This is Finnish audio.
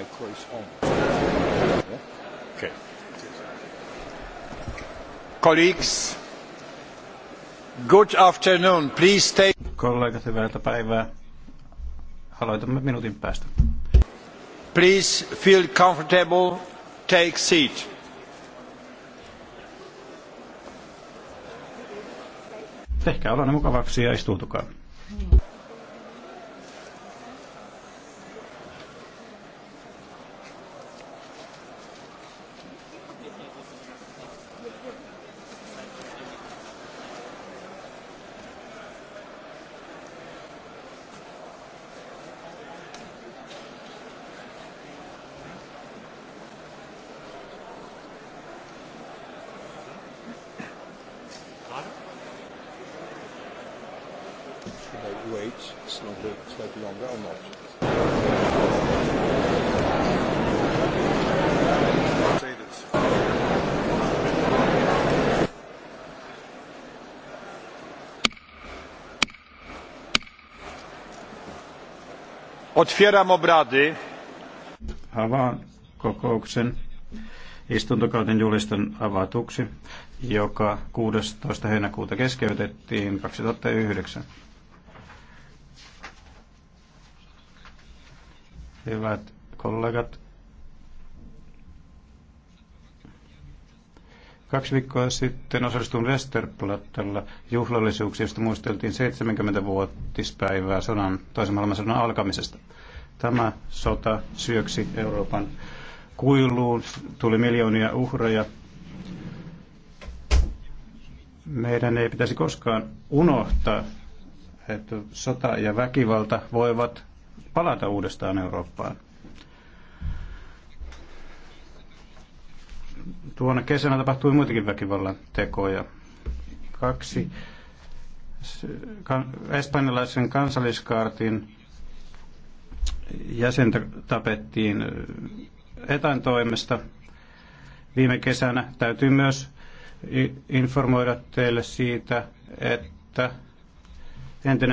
by correspondence. Okay. Colleagues, good afternoon. Please stay. Kollegat, hyvää päivää. Aloitamme minuutin päästä. Please feel comfortable. Take seat. Tehkää olonne mukavaksi ja istuutukaa. bij de UH, sinon de sluit wel nog. Otwieram obrady. Avaan kokouksen istuntokauden julistan avatuksi, joka 16. heinäkuuta keskeytettiin 2009. Hyvät kollegat, Kaksi viikkoa sitten osallistuin Westerplattella juhlallisuuksiin, josta muisteltiin 70-vuotispäivää sodan, toisen maailmansodan alkamisesta. Tämä sota syöksi Euroopan kuiluun, tuli miljoonia uhreja. Meidän ei pitäisi koskaan unohtaa, että sota ja väkivalta voivat palata uudestaan Eurooppaan. Tuona kesänä tapahtui muitakin väkivallan tekoja. Kaksi espanjalaisen kansalliskaartin jäsentä tapettiin äh, etän toimesta viime kesänä. Täytyy myös informoida teille siitä, että entinen